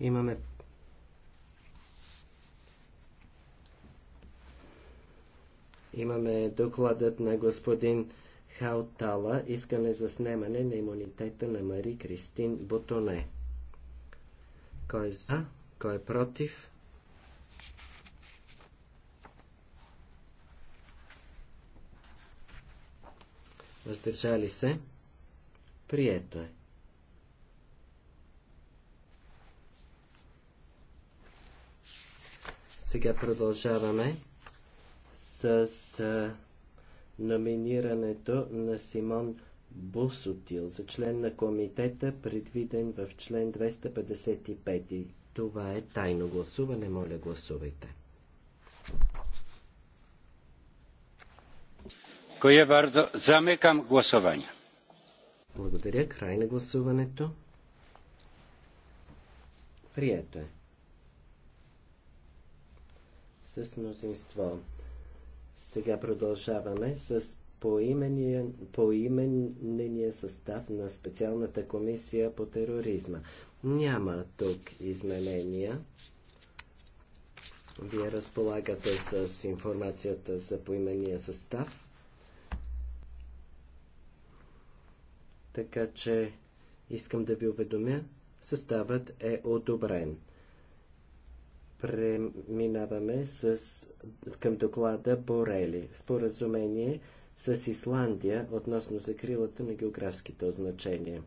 Имаме Имаме докладът на господин Хаутала, искане за снемане на имунитета на Мари Кристин Бутоне. Кой е за? Кой е против? Въздържали се? Прието е. Сега продължаваме с номинирането на Симон Бусотил за член на комитета, предвиден в член 255. Това е тайно гласуване. Моля, гласувайте. Кое бардо? Замекам гласуване. Благодаря. Край на гласуването. Прието е с мнозинство. Сега продължаваме с поименния, състав на специалната комисия по тероризма. Няма тук изменения. Вие разполагате с информацията за поименния състав. Така че искам да ви уведомя, съставът е одобрен преминаваме с, към доклада Борели. Споразумение с Исландия относно закрилата на географските означения.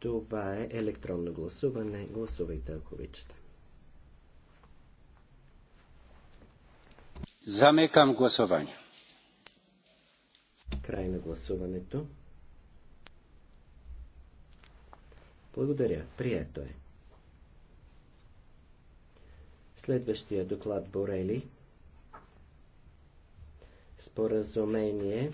Това е електронно гласуване. Гласувайте, ако обичате. Замекам гласование. Край на гласуването. Благодаря. Прието е. Следващия доклад Борели. Споразумение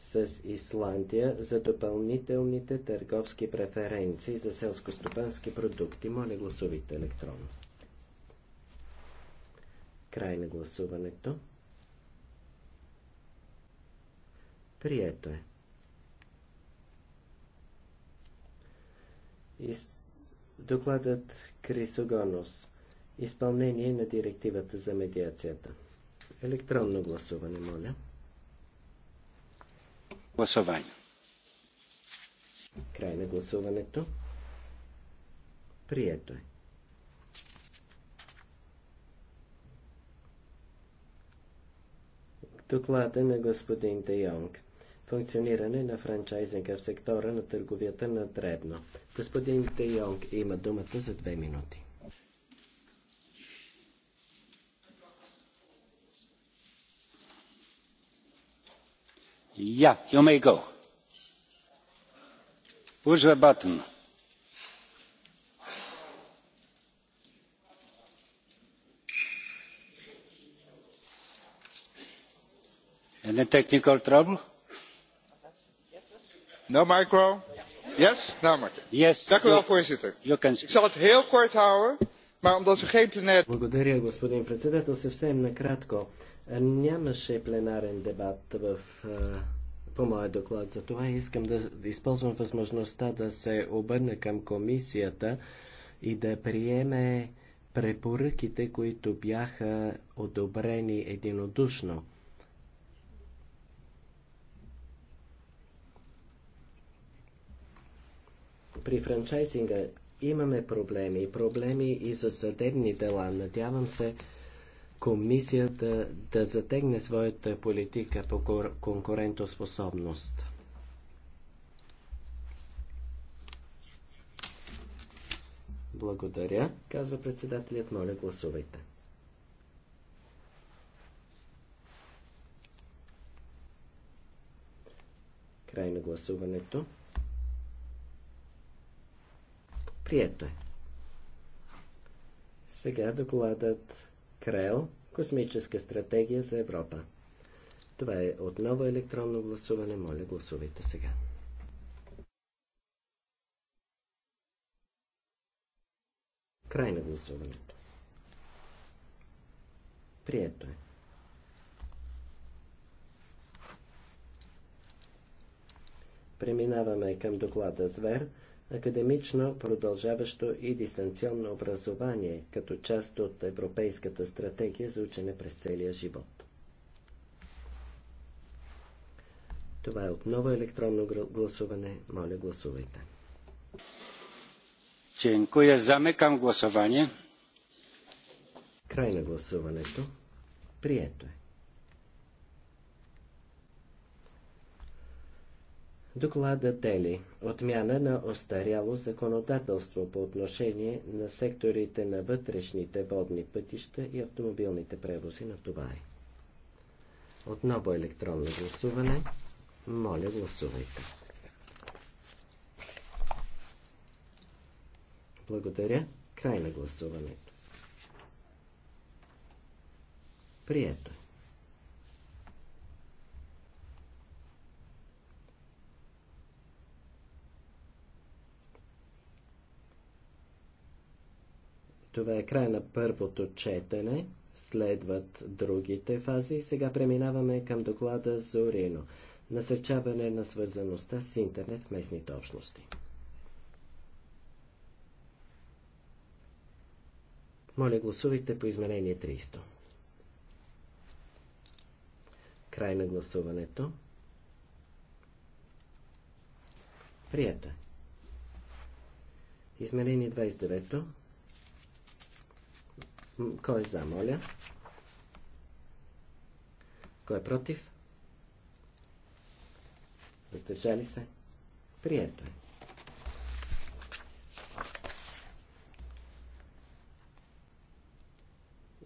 с Исландия за допълнителните търговски преференции за селскостопански продукти. Моля, гласувайте електронно. Край на гласуването. Прието е. Докладът Крисогонос. Изпълнение на директивата за медиацията. Електронно гласуване, моля. Гласуване. Край на гласуването. Прието е. Доклада на господин Де Йонг функциониране на франчайзинга в сектора на търговията на дребно. Господин Де Йонг има думата за две минути. Yeah, you may go. Push the button. Any technical trouble? voorzitter ik zal het heel kort houden maar omdat we geen plenaire. Благодаря, господин председател. Съвсем накратко. Нямаше пленарен дебат в, по моя доклад. Затова искам да използвам възможността да се обърна към комисията и да приеме препоръките, които бяха одобрени единодушно. при франчайзинга имаме проблеми, проблеми и за съдебни дела. Надявам се комисията да затегне своята политика по конкурентоспособност. Благодаря, казва председателят. Моля, гласувайте. Край на гласуването. Прието е. Сега докладът Крел Космическа стратегия за Европа. Това е отново електронно гласуване. Моля, гласувайте сега. Край на гласуването. Прието е. Преминаваме към доклада Звер академично, продължаващо и дистанционно образование като част от Европейската стратегия за учене през целия живот. Това е отново електронно гласуване. Моля, гласувайте. за мекам гласуване. Край на гласуването. Прието е. Доклада Дели отмяна на остаряло законодателство по отношение на секторите на вътрешните водни пътища и автомобилните превози на товари. Отново електронно гласуване. Моля, гласувайте. Благодаря. Край на гласуването. Прието е. Това е край на първото четене. Следват другите фази. Сега преминаваме към доклада за Орино. Насърчаване на свързаността с интернет в местните общности. Моля, гласувайте по изменение 300. Край на гласуването. Прието е. Изменение 29. Кой е за, моля? Кой е против? Въздържали се? Прието е.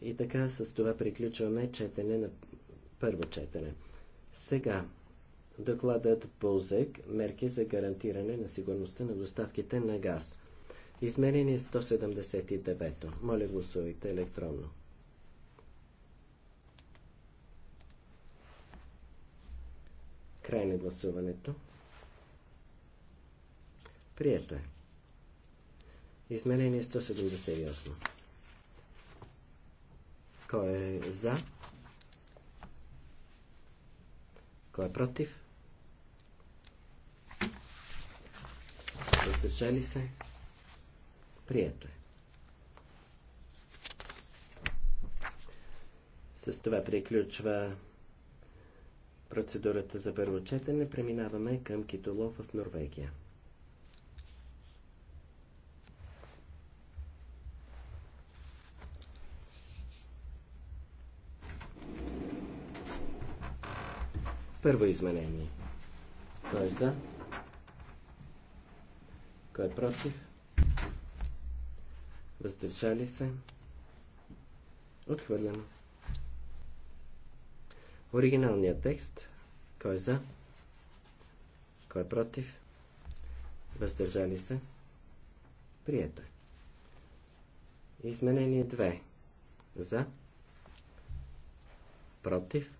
И така с това приключваме четене на първо четене. Сега докладът Ползек мерки за гарантиране на сигурността на доставките на газ. Измерени 179. Моля гласувайте електронно. Край на гласуването. Прието е. Измерение 178. Кой е за? Кой е против? Въздържали се? Прието е. С това приключва процедурата за първо четене. Преминаваме към Китолов в Норвегия. Първо изменение. Кой е за? Кой е против? въздържали се, отхвърлено. Оригиналният текст, кой е за, кой е против, въздържали се, прието е. Изменение 2. За, против,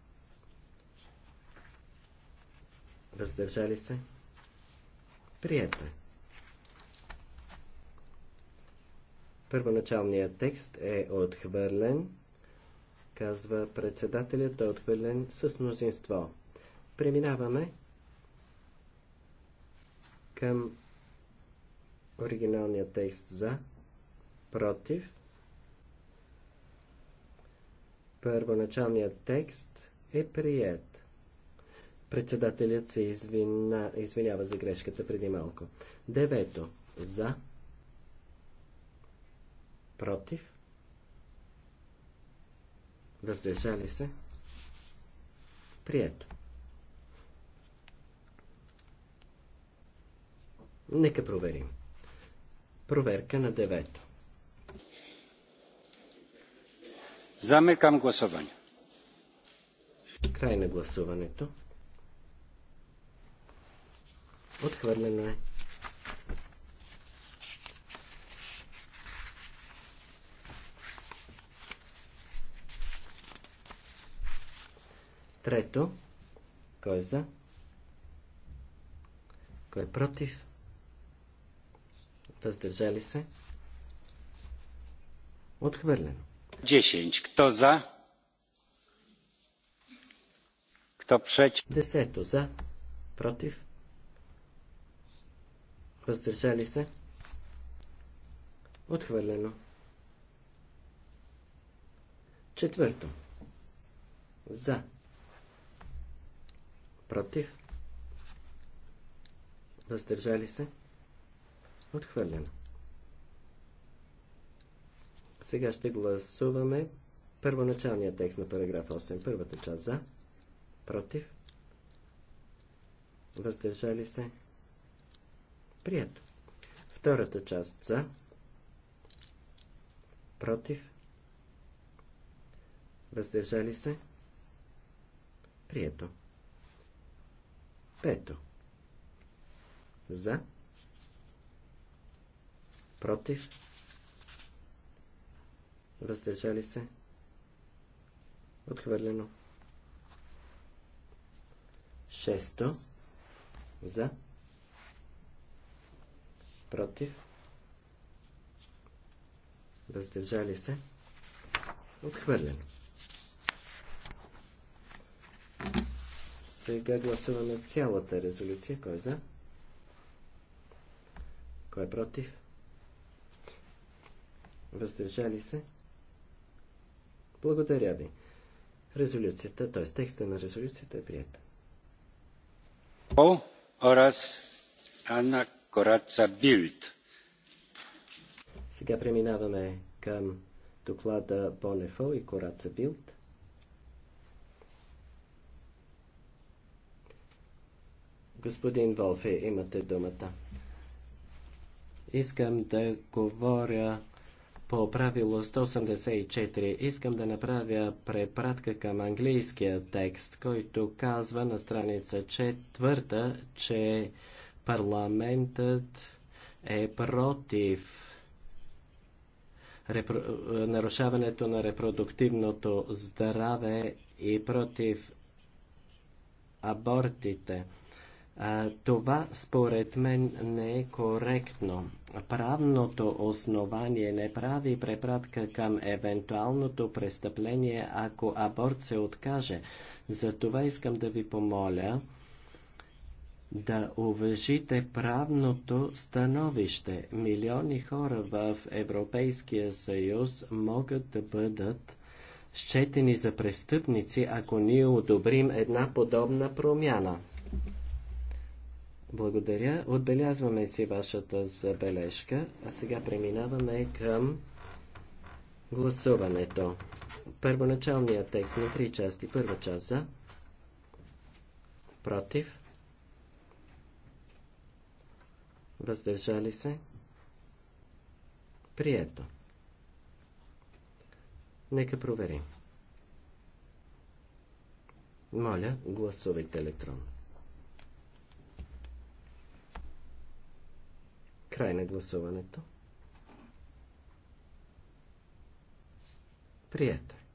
въздържали се, прието е. Първоначалният текст е отхвърлен, казва председателят, е отхвърлен с мнозинство. Преминаваме към оригиналния текст за, против. Първоначалният текст е прият. Председателят се извина, извинява за грешката преди малко. Девето. За против, въздържали се, прието. Нека проверим. Проверка на девето. Замекам гласуване. Край на гласуването. Отхвърлено е. Трето. Кой е за? Кой е против? Въздържали се? Отхвърлено. 10. Кто за? Кто przeciw? Десето за. Против? Въздържали се? Отхвърлено. Четвърто. За против, въздържали се, отхвърлено. Сега ще гласуваме първоначалния текст на параграф 8, първата част за, против, въздържали се, прието. Втората част за, против, въздържали се, прието. Пето. За. Против. Въздържали се. Отхвърлено. Шесто. За. Против. Въздържали се. Отхвърлено. Сега гласуваме цялата резолюция. Кой е за? Кой е против? Въздържали се? Благодаря ви. Резолюцията, т.е. текста на резолюцията е прията. О, ораз Анна Кораца Билд. Сега преминаваме към доклада Бонефо и Кораца Билд. Господин Волфи, имате думата. Искам да говоря по правило 184. Искам да направя препратка към английския текст, който казва на страница четвърта, че парламентът е против репро... нарушаването на репродуктивното здраве и против абортите. Това според мен не е коректно. Правното основание не прави препратка към евентуалното престъпление, ако аборт се откаже. Затова искам да ви помоля да уважите правното становище. Милиони хора в Европейския съюз могат да бъдат счетени за престъпници, ако ние одобрим една подобна промяна. Благодаря. Отбелязваме си вашата забележка, а сега преминаваме към гласуването. Първоначалният текст на три части. Първа част за, против, въздържали се, прието. Нека проверим. Моля, гласувайте електронно. Край на гласуването. Прието. Е.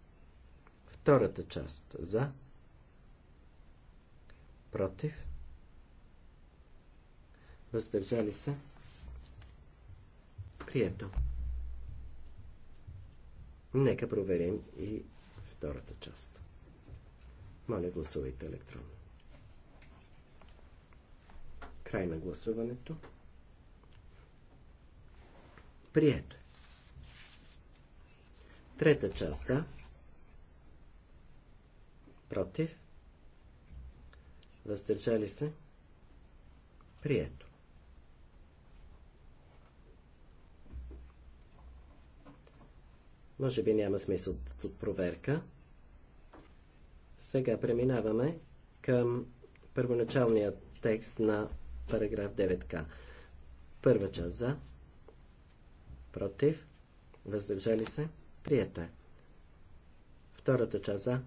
Втората част за. Против. Въздържали се. Прието. Нека проверим и втората част. Моля, гласувайте електронно. Край на гласуването. Прието. Е. Трета част за. Против. Въздържали се. Прието. Може би няма смисъл от проверка. Сега преминаваме към първоначалния текст на параграф 9к. Първа част за против, въздържали се, прието е. Втората част за,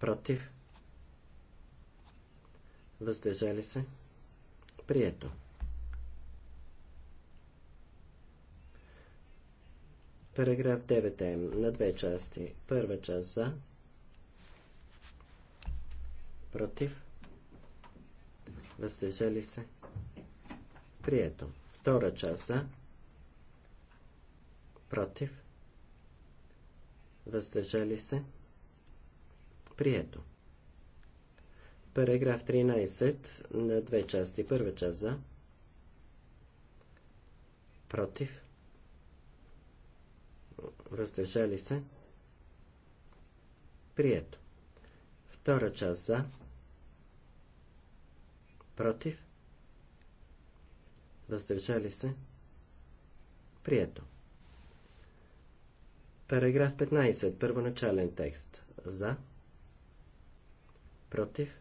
против, въздържали се, прието. Параграф 9 е на две части. Първа част за, против, въздържали се, прието. Втора част за. Против. Въздържали се. Прието. Параграф 13 на две части. Първа част за. Против. Въздържали се. Прието. Втора част за. Против въздържали се, прието. Параграф 15, първоначален текст, за, против,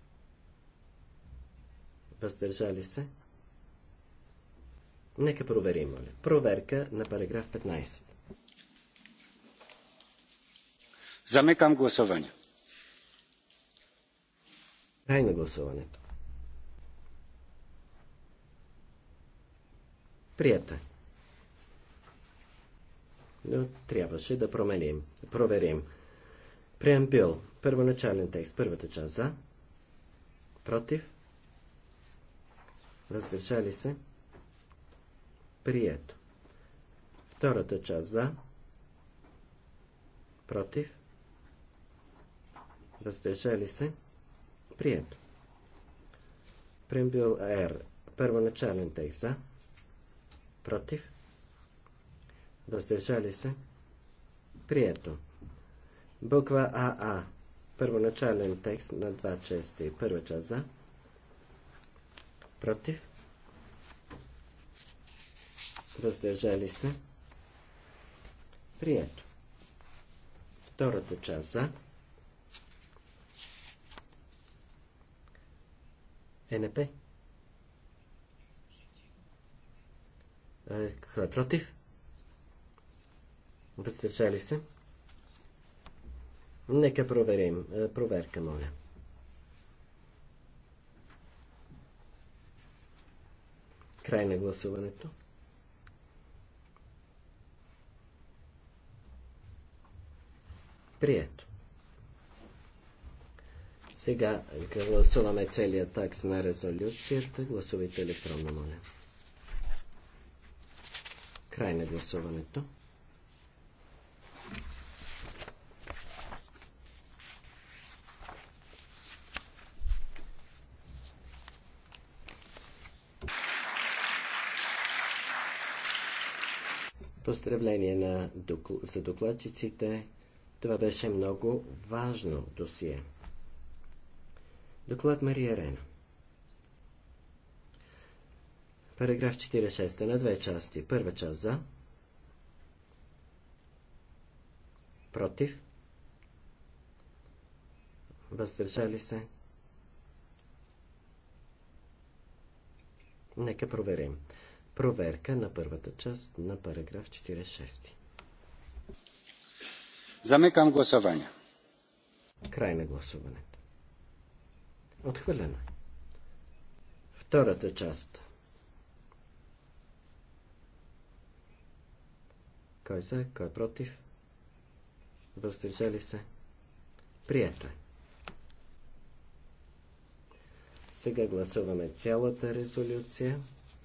въздържали се. Нека проверим, моля. Проверка на параграф 15. Замекам гласуване. Край на гласуването. прията. е. Но трябваше да променим, проверим. Преамбил. Първоначален текст. Първата част за. Против. Въздържали се. Прието. Втората част за. Против. Въздържали се. Прието. Преамбил R, Първоначален текст за против, въздържали се, прието. Буква АА. Първоначален текст на два части. Първа част за, против, въздържали се, прието. Втората част за, е НП. Е, кой е против? Въздържали се? Нека проверим. Е, проверка, моля. Край на гласуването. Прието. Сега гласуваме целият такс на резолюцията. Гласувайте електронно, моля. Край на гласуването. Поздравление на, за докладчиците. Това беше много важно досие. Доклад Мария Рена. Параграф 46 на две части. Първа част за. Против. Въздържали се. Нека проверим. Проверка на първата част на параграф 46. Замекам гласование. Край на гласуването. Отхвърлена. Е. Втората част. Кой за, кой против? Въздържали се? Прието е. Сега гласуваме цялата резолюция.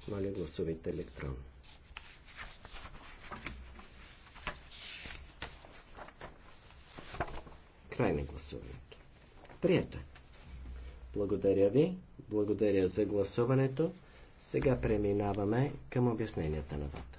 Моля, гласувайте електронно. Край на гласуването. Прието е. Благодаря ви. Благодаря за гласуването. Сега преминаваме към обясненията на вата.